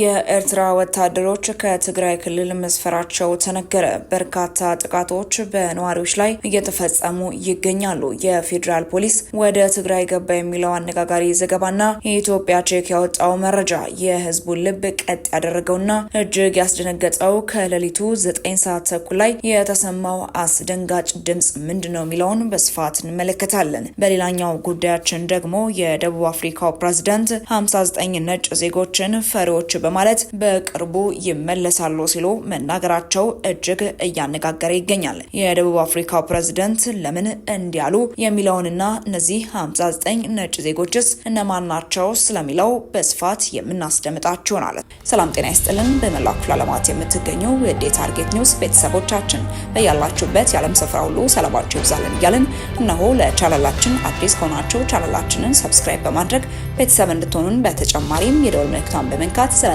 የኤርትራ ወታደሮች ከትግራይ ክልል መስፈራቸው ተነገረ። በርካታ ጥቃቶች በነዋሪዎች ላይ እየተፈጸሙ ይገኛሉ። የፌዴራል ፖሊስ ወደ ትግራይ ገባ የሚለው አነጋጋሪ ዘገባና የኢትዮጵያ ቼክ ያወጣው መረጃ የህዝቡን ልብ ቀጥ ያደረገውና እጅግ ያስደነገጠው ከሌሊቱ ዘጠኝ ሰዓት ተኩል ላይ የተሰማው አስደንጋጭ ድምፅ ምንድን ነው የሚለውን በስፋት እንመለከታለን። በሌላኛው ጉዳያችን ደግሞ የደቡብ አፍሪካው ፕሬዝዳንት 59 ነጭ ዜጎችን ፈሪዎች በማለት በቅርቡ ይመለሳሉ ሲሉ መናገራቸው እጅግ እያነጋገረ ይገኛል። የደቡብ አፍሪካው ፕሬዝደንት ለምን እንዲያሉ የሚለውንና እነዚህ 59 ነጭ ዜጎችስ እነማን ናቸው ስለሚለው በስፋት የምናስደምጣችሁ ይሆናል። ሰላም ጤና ይስጥልን። በመላ ክፍለ ዓለማት የምትገኙ የዴ ታርጌት ኒውስ ቤተሰቦቻችን በያላችሁበት የዓለም ስፍራ ሁሉ ሰላማችሁ ይብዛልን እያልን እነሆ ለቻናላችን አዲስ ከሆናችሁ ቻናላችንን ሰብስክራይብ በማድረግ ቤተሰብ እንድትሆኑን በተጨማሪም የደወል ምልክቷን በመንካት ስለ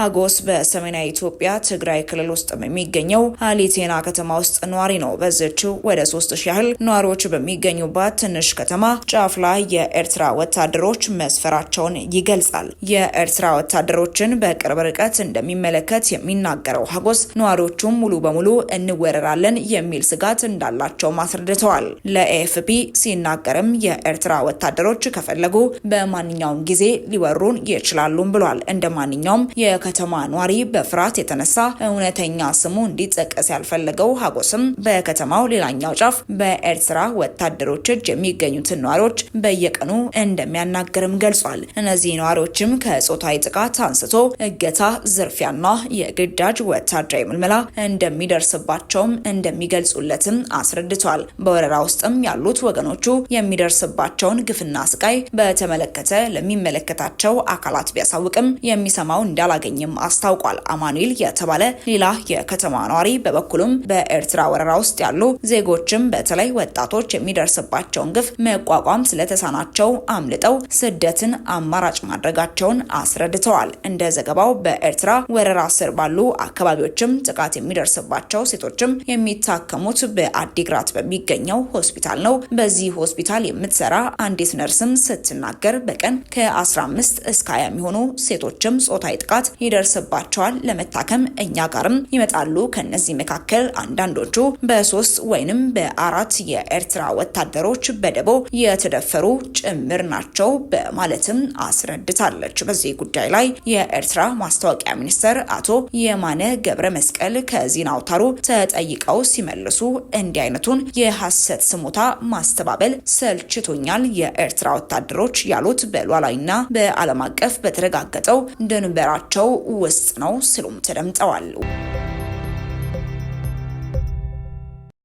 ሀጎስ በሰሜናዊ ኢትዮጵያ ትግራይ ክልል ውስጥ የሚገኘው አሊቴና ከተማ ውስጥ ነዋሪ ነው። በዚችው ወደ ሶስት ሺ ያህል ነዋሪዎች በሚገኙባት ትንሽ ከተማ ጫፍ ላይ የኤርትራ ወታደሮች መስፈራቸውን ይገልጻል። የኤርትራ ወታደሮችን በቅርብ ርቀት እንደሚመለከት የሚናገረው ሀጎስ ነዋሪዎቹም ሙሉ በሙሉ እንወረራለን የሚል ስጋት እንዳላቸው አስረድተዋል። ለኤኤፍፒ ሲናገርም የኤርትራ ወታደሮች ከፈለጉ በማንኛውም ጊዜ ሊወሩን ይችላሉም ብሏል። እንደ ማንኛውም ከተማ ኗሪ በፍርሃት የተነሳ እውነተኛ ስሙ እንዲጠቀስ ያልፈለገው ሀጎስም በከተማው ሌላኛው ጫፍ በኤርትራ ወታደሮች እጅ የሚገኙትን ነዋሪዎች በየቀኑ እንደሚያናግርም ገልጿል። እነዚህ ነዋሪዎችም ከጾታዊ ጥቃት አንስቶ እገታ፣ ዝርፊያና የግዳጅ ወታደራዊ ምልመላ እንደሚደርስባቸውም እንደሚገልጹለትም አስረድቷል። በወረራ ውስጥም ያሉት ወገኖቹ የሚደርስባቸውን ግፍና ስቃይ በተመለከተ ለሚመለከታቸው አካላት ቢያሳውቅም የሚሰማው እንዳላገኝ እንደማይገኝም አስታውቋል። አማኑኤል የተባለ ሌላ የከተማ ነዋሪ በበኩሉም በኤርትራ ወረራ ውስጥ ያሉ ዜጎችም በተለይ ወጣቶች የሚደርስባቸውን ግፍ መቋቋም ስለተሳናቸው አምልጠው ስደትን አማራጭ ማድረጋቸውን አስረድተዋል። እንደ ዘገባው በኤርትራ ወረራ ስር ባሉ አካባቢዎችም ጥቃት የሚደርስባቸው ሴቶችም የሚታከሙት በአዲግራት በሚገኘው ሆስፒታል ነው። በዚህ ሆስፒታል የምትሰራ አንዲት ነርስም ስትናገር በቀን ከ15 እስከ 20 የሚሆኑ ሴቶችም ጾታዊ ጥቃት ይደርስባቸዋል። ለመታከም እኛ ጋርም ይመጣሉ። ከነዚህ መካከል አንዳንዶቹ በሶስት ወይንም በአራት የኤርትራ ወታደሮች በደቦ የተደፈሩ ጭምር ናቸው በማለትም አስረድታለች። በዚህ ጉዳይ ላይ የኤርትራ ማስታወቂያ ሚኒስትር አቶ የማነ ገብረ መስቀል ከዜና አውታሩ ተጠይቀው ሲመልሱ እንዲህ አይነቱን የሐሰት ስሞታ ማስተባበል ሰልችቶኛል፣ የኤርትራ ወታደሮች ያሉት በሏላይና በዓለም አቀፍ በተረጋገጠው ድንበራቸው ውስጥ ነው ሲሉም ተደምጠዋል።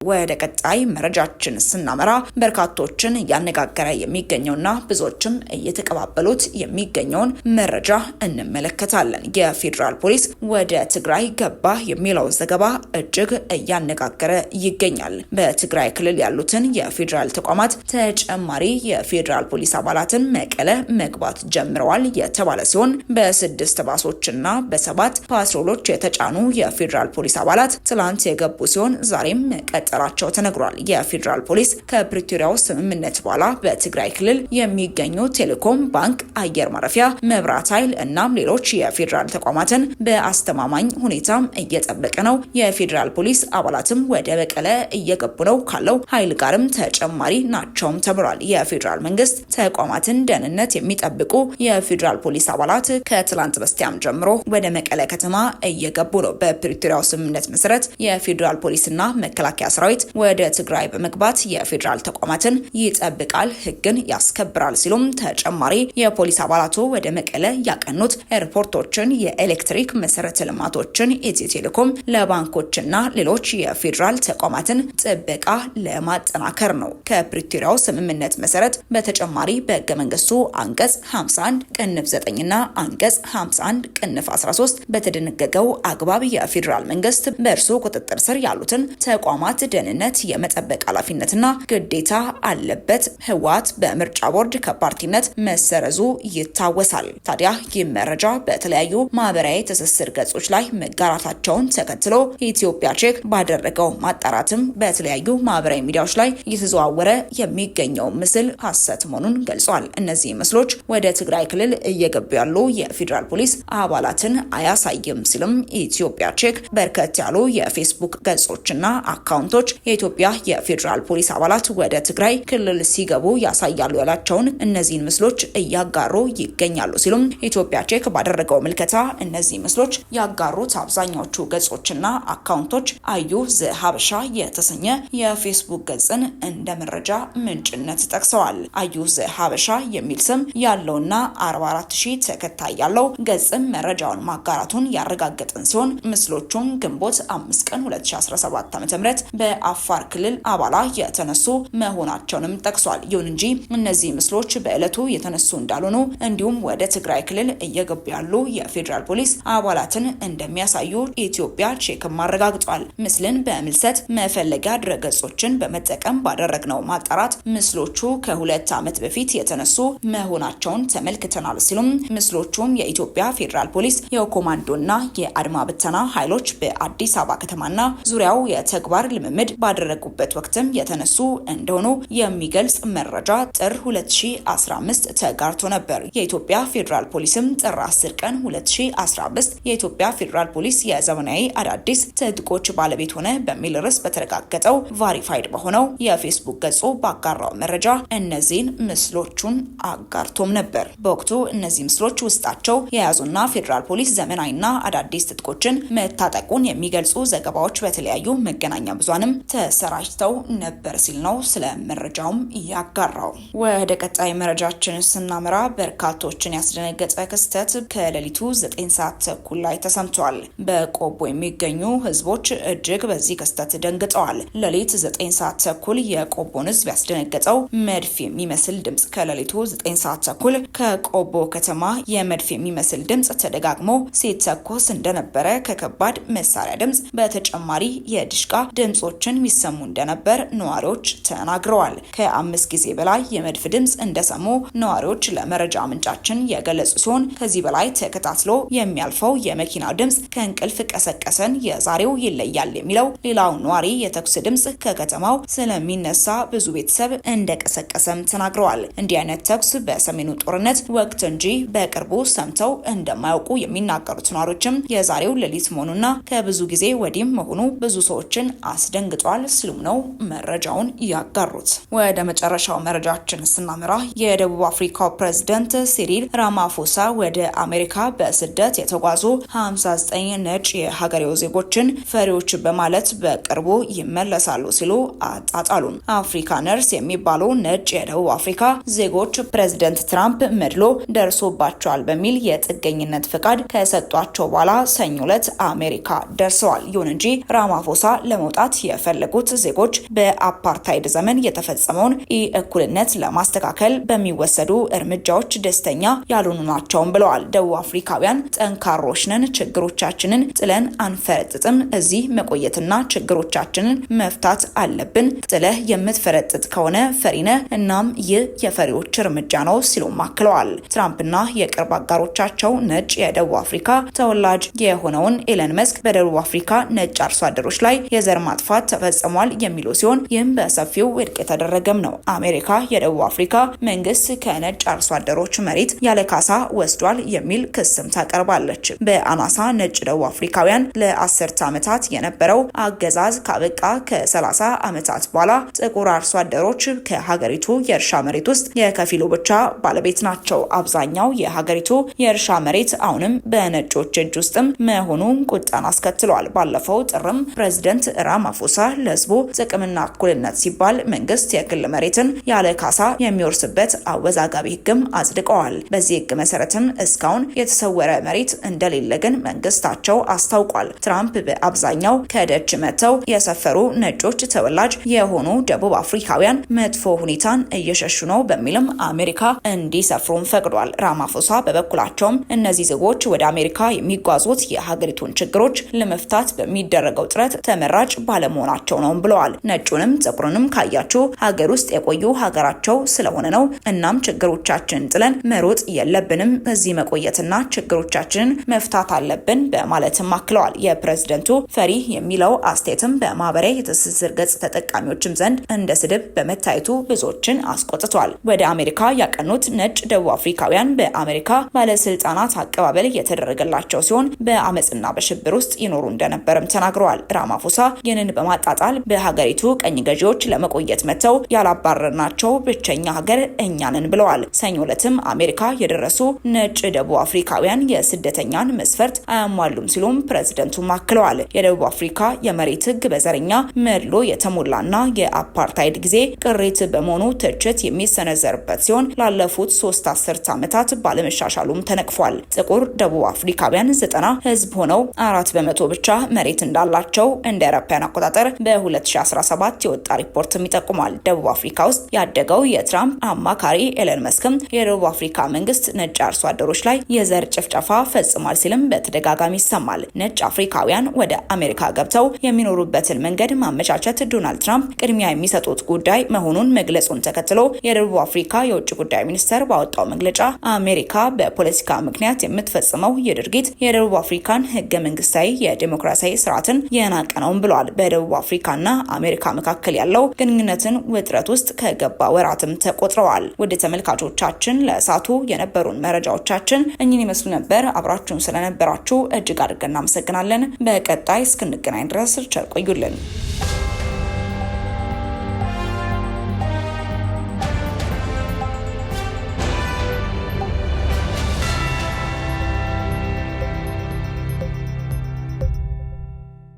ወደ ቀጣይ መረጃችን ስናመራ በርካቶችን እያነጋገረ የሚገኘውና ብዙዎችም እየተቀባበሉት የሚገኘውን መረጃ እንመለከታለን። የፌዴራል ፖሊስ ወደ ትግራይ ገባ የሚለው ዘገባ እጅግ እያነጋገረ ይገኛል። በትግራይ ክልል ያሉትን የፌዴራል ተቋማት ተጨማሪ የፌዴራል ፖሊስ አባላትን መቀለ መግባት ጀምረዋል የተባለ ሲሆን በስድስት ባሶችና በሰባት ፓትሮሎች የተጫኑ የፌዴራል ፖሊስ አባላት ትላንት የገቡ ሲሆን ዛሬም ቀጠ መፍጠራቸው ተነግሯል። የፌዴራል ፖሊስ ከፕሪቶሪያው ስምምነት በኋላ በትግራይ ክልል የሚገኙ ቴሌኮም፣ ባንክ፣ አየር ማረፊያ፣ መብራት ኃይል እናም ሌሎች የፌዴራል ተቋማትን በአስተማማኝ ሁኔታም እየጠበቀ ነው። የፌዴራል ፖሊስ አባላትም ወደ በቀለ እየገቡ ነው ካለው ኃይል ጋርም ተጨማሪ ናቸውም ተብሏል። የፌዴራል መንግስት ተቋማትን ደህንነት የሚጠብቁ የፌዴራል ፖሊስ አባላት ከትላንት በስቲያም ጀምሮ ወደ መቀለ ከተማ እየገቡ ነው። በፕሪቶሪያው ስምምነት መሰረት የፌዴራል ፖሊስና መከላከያ ስራ ሰራዊት ወደ ትግራይ በመግባት የፌዴራል ተቋማትን ይጠብቃል፣ ህግን ያስከብራል ሲሉም ተጨማሪ የፖሊስ አባላቱ ወደ መቀለ ያቀኑት ኤርፖርቶችን፣ የኤሌክትሪክ መሰረተ ልማቶችን፣ ኢትዮ ቴሌኮም፣ ለባንኮችና ሌሎች የፌዴራል ተቋማትን ጥበቃ ለማጠናከር ነው። ከፕሪቶሪያው ስምምነት መሰረት በተጨማሪ በህገ መንግስቱ አንቀጽ 51 ቅንፍ 9ና አንቀጽ 51 ቅንፍ 13 በተደነገገው አግባብ የፌዴራል መንግስት በእርሱ ቁጥጥር ስር ያሉትን ተቋማት ደህንነት የመጠበቅ ኃላፊነትና ግዴታ አለበት። ህወሓት በምርጫ ቦርድ ከፓርቲነት መሰረዙ ይታወሳል። ታዲያ ይህ መረጃ በተለያዩ ማህበራዊ ትስስር ገጾች ላይ መጋራታቸውን ተከትሎ ኢትዮጵያ ቼክ ባደረገው ማጣራትም በተለያዩ ማህበራዊ ሚዲያዎች ላይ እየተዘዋወረ የሚገኘው ምስል ሐሰት መሆኑን ገልጿል። እነዚህ ምስሎች ወደ ትግራይ ክልል እየገቡ ያሉ የፌዴራል ፖሊስ አባላትን አያሳይም ሲልም ኢትዮጵያ ቼክ በርከት ያሉ የፌስቡክ ገጾችና አካውንቶች ሪፖርቶች የኢትዮጵያ የፌዴራል ፖሊስ አባላት ወደ ትግራይ ክልል ሲገቡ ያሳያሉ ያላቸውን እነዚህን ምስሎች እያጋሩ ይገኛሉ ሲሉም ኢትዮጵያ ቼክ ባደረገው ምልከታ እነዚህ ምስሎች ያጋሩት አብዛኛዎቹ ገጾችና አካውንቶች አዩ ዘ ሀበሻ የተሰኘ የፌስቡክ ገጽን እንደ መረጃ ምንጭነት ጠቅሰዋል። አዩ ዘ ሀበሻ የሚል ስም ያለውና 44 ሺህ ተከታይ ያለው ገጽም መረጃውን ማጋራቱን ያረጋገጥን ሲሆን ምስሎቹም ግንቦት 5 ቀን 2017 ዓ.ም በአፋር ክልል አባላ የተነሱ መሆናቸውንም ጠቅሷል። ይሁን እንጂ እነዚህ ምስሎች በዕለቱ የተነሱ እንዳልሆኑ እንዲሁም ወደ ትግራይ ክልል እየገቡ ያሉ የፌዴራል ፖሊስ አባላትን እንደሚያሳዩ ኢትዮጵያ ቼክም አረጋግጧል። ምስልን በምልሰት መፈለጊያ ድረገጾችን በመጠቀም ባደረግነው ማጣራት ምስሎቹ ከሁለት ዓመት በፊት የተነሱ መሆናቸውን ተመልክተናል ሲሉም ምስሎቹም የኢትዮጵያ ፌዴራል ፖሊስ የኮማንዶና የአድማ ብተና ኃይሎች በአዲስ አበባ ከተማና ዙሪያው የተግባር ልምምድ ልምምድ ባደረጉበት ወቅትም የተነሱ እንደሆኑ የሚገልጽ መረጃ ጥር 2015 ተጋርቶ ነበር። የኢትዮጵያ ፌዴራል ፖሊስም ጥር 10 ቀን 2015 የኢትዮጵያ ፌዴራል ፖሊስ የዘመናዊ አዳዲስ ትጥቆች ባለቤት ሆነ በሚል ርዕስ በተረጋገጠው ቫሪፋይድ በሆነው የፌስቡክ ገጹ ባጋራው መረጃ እነዚህን ምስሎቹን አጋርቶም ነበር። በወቅቱ እነዚህ ምስሎች ውስጣቸው የያዙና ፌዴራል ፖሊስ ዘመናዊና አዳዲስ ትጥቆችን መታጠቁን የሚገልጹ ዘገባዎች በተለያዩ መገናኛ ብዙሃን በመሆንም ተሰራጭተው ነበር ሲል ነው ስለ መረጃውም ያጋራው። ወደ ቀጣይ መረጃችን ስናመራ በርካቶችን ያስደነገጠ ክስተት ከሌሊቱ ዘጠኝ ሰዓት ተኩል ላይ ተሰምቷል። በቆቦ የሚገኙ ህዝቦች እጅግ በዚህ ክስተት ደንግጠዋል። ሌሊት ዘጠኝ ሰዓት ተኩል የቆቦን ህዝብ ያስደነገጠው መድፍ የሚመስል ድምፅ ከሌሊቱ ዘጠኝ ሰዓት ተኩል ከቆቦ ከተማ የመድፍ የሚመስል ድምፅ ተደጋግሞ ሲተኮስ እንደነበረ ከከባድ መሳሪያ ድምፅ በተጨማሪ የድሽቃ ድምጾች ድምጾችን ይሰሙ እንደነበር ነዋሪዎች ተናግረዋል። ከአምስት ጊዜ በላይ የመድፍ ድምፅ እንደሰሙ ነዋሪዎች ለመረጃ ምንጫችን የገለጹ ሲሆን ከዚህ በላይ ተከታትሎ የሚያልፈው የመኪና ድምፅ ከእንቅልፍ ቀሰቀሰን፣ የዛሬው ይለያል የሚለው ሌላው ነዋሪ የተኩስ ድምፅ ከከተማው ስለሚነሳ ብዙ ቤተሰብ እንደቀሰቀሰም ተናግረዋል። እንዲህ አይነት ተኩስ በሰሜኑ ጦርነት ወቅት እንጂ በቅርቡ ሰምተው እንደማያውቁ የሚናገሩት ነዋሪዎችም የዛሬው ሌሊት መሆኑና ከብዙ ጊዜ ወዲም መሆኑ ብዙ ሰዎችን አስደንግ ደንግጧል ሲሉም ነው መረጃውን ያጋሩት። ወደ መጨረሻው መረጃችን ስናምራ የደቡብ አፍሪካው ፕሬዝደንት ሲሪል ራማፎሳ ወደ አሜሪካ በስደት የተጓዙ 59 ነጭ የሀገሬው ዜጎችን ፈሪዎች በማለት በቅርቡ ይመለሳሉ ሲሉ አጣጣሉ። አፍሪካነርስ የሚባሉ ነጭ የደቡብ አፍሪካ ዜጎች ፕሬዝደንት ትራምፕ መድሎ ደርሶባቸዋል በሚል የጥገኝነት ፍቃድ ከሰጧቸው በኋላ ሰኞ ዕለት አሜሪካ ደርሰዋል። ይሁን እንጂ ራማፎሳ ለመውጣት የፈለጉት ዜጎች በአፓርታይድ ዘመን የተፈጸመውን ኢ እኩልነት ለማስተካከል በሚወሰዱ እርምጃዎች ደስተኛ ያልሆኑ ናቸውም ብለዋል። ደቡብ አፍሪካውያን ጠንካሮች ነን፣ ችግሮቻችንን ጥለን አንፈረጥጥም። እዚህ መቆየትና ችግሮቻችንን መፍታት አለብን። ጥለህ የምትፈረጥጥ ከሆነ ፈሪነ። እናም ይህ የፈሪዎች እርምጃ ነው ሲሉም አክለዋል። ትራምፕና የቅርብ አጋሮቻቸው ነጭ የደቡብ አፍሪካ ተወላጅ የሆነውን ኤለን መስክ በደቡብ አፍሪካ ነጭ አርሶ አደሮች ላይ የዘር ማጥፋት ጥቃት ተፈጽሟል የሚሉ ሲሆን ይህም በሰፊው ውድቅ የተደረገም ነው። አሜሪካ የደቡብ አፍሪካ መንግስት ከነጭ አርሶ አደሮች መሬት ያለ ካሳ ወስዷል የሚል ክስም ታቀርባለች። በአናሳ ነጭ ደቡብ አፍሪካውያን ለአስርት ዓመታት የነበረው አገዛዝ ካበቃ ከ30 ዓመታት በኋላ ጥቁር አርሶ አደሮች ከሀገሪቱ የእርሻ መሬት ውስጥ የከፊሉ ብቻ ባለቤት ናቸው። አብዛኛው የሀገሪቱ የእርሻ መሬት አሁንም በነጮች እጅ ውስጥም መሆኑን ቁጣን አስከትሏል። ባለፈው ጥርም ፕሬዚደንት ራማፎ ትንኮሳ ለህዝቡ ጥቅምና እኩልነት ሲባል መንግስት የግል መሬትን ያለ ካሳ የሚወርስበት አወዛጋቢ ህግም አጽድቀዋል። በዚህ ህግ መሰረትም እስካሁን የተሰወረ መሬት እንደሌለ ግን መንግስታቸው አስታውቋል። ትራምፕ በአብዛኛው ከደች መጥተው የሰፈሩ ነጮች ተወላጅ የሆኑ ደቡብ አፍሪካውያን መጥፎ ሁኔታን እየሸሹ ነው በሚልም አሜሪካ እንዲሰፍሩም ፈቅዷል። ራማፎሳ በበኩላቸውም እነዚህ ዜጎች ወደ አሜሪካ የሚጓዙት የሀገሪቱን ችግሮች ለመፍታት በሚደረገው ጥረት ተመራጭ ባለሙ በመሆናቸው ነው ብለዋል። ነጩንም ጥቁሩንም ካያችሁ ሀገር ውስጥ የቆዩ ሀገራቸው ስለሆነ ነው። እናም ችግሮቻችንን ጥለን መሮጥ የለብንም፣ እዚህ መቆየትና ችግሮቻችንን መፍታት አለብን በማለትም አክለዋል። የፕሬዝደንቱ ፈሪ የሚለው አስተያየትም በማህበራዊ የትስስር ገጽ ተጠቃሚዎችም ዘንድ እንደ ስድብ በመታየቱ ብዙዎችን አስቆጥቷል። ወደ አሜሪካ ያቀኑት ነጭ ደቡብ አፍሪካውያን በአሜሪካ ባለስልጣናት አቀባበል የተደረገላቸው ሲሆን በአመፅና በሽብር ውስጥ ይኖሩ እንደነበርም ተናግረዋል። ራማፎሳ ይህንን በ በማጣጣል በሀገሪቱ ቀኝ ገዢዎች ለመቆየት መጥተው ያላባረርናቸው ብቸኛ ሀገር እኛንን ብለዋል። ሰኞ ዕለትም አሜሪካ የደረሱ ነጭ ደቡብ አፍሪካውያን የስደተኛን መስፈርት አያሟሉም ሲሉም ፕሬዝደንቱ አክለዋል። የደቡብ አፍሪካ የመሬት ህግ በዘረኛ መድሎ የተሞላና የአፓርታይድ ጊዜ ቅሪት በመሆኑ ትችት የሚሰነዘርበት ሲሆን ላለፉት ሶስት አስርት ዓመታት ባለመሻሻሉም ተነቅፏል። ጥቁር ደቡብ አፍሪካውያን ዘጠና ህዝብ ሆነው አራት በመቶ ብቻ መሬት እንዳላቸው እንደ አውሮፓውያን አቆጣጠር በ2017 የወጣ ሪፖርትም ይጠቁማል። ደቡብ አፍሪካ ውስጥ ያደገው የትራምፕ አማካሪ ኤለን መስክም የደቡብ አፍሪካ መንግስት ነጭ አርሶ አደሮች ላይ የዘር ጭፍጨፋ ፈጽሟል ሲልም በተደጋጋሚ ይሰማል። ነጭ አፍሪካውያን ወደ አሜሪካ ገብተው የሚኖሩበትን መንገድ ማመቻቸት ዶናልድ ትራምፕ ቅድሚያ የሚሰጡት ጉዳይ መሆኑን መግለጹን ተከትሎ የደቡብ አፍሪካ የውጭ ጉዳይ ሚኒስተር ባወጣው መግለጫ አሜሪካ በፖለቲካ ምክንያት የምትፈጽመው የድርጊት የደቡብ አፍሪካን ህገ መንግስታዊ የዲሞክራሲያዊ ስርዓትን የናቀ ነውም ብሏል። በደቡብ በደቡብ አፍሪካና አሜሪካ መካከል ያለው ግንኙነትን ውጥረት ውስጥ ከገባ ወራትም ተቆጥረዋል። ወደ ተመልካቾቻችን ለእሳቱ የነበሩን መረጃዎቻችን እኚህን ይመስሉ ነበር። አብራችሁን ስለነበራችሁ እጅግ አድርገን እናመሰግናለን። በቀጣይ እስክንገናኝ ድረስ ቸር ቆዩልን።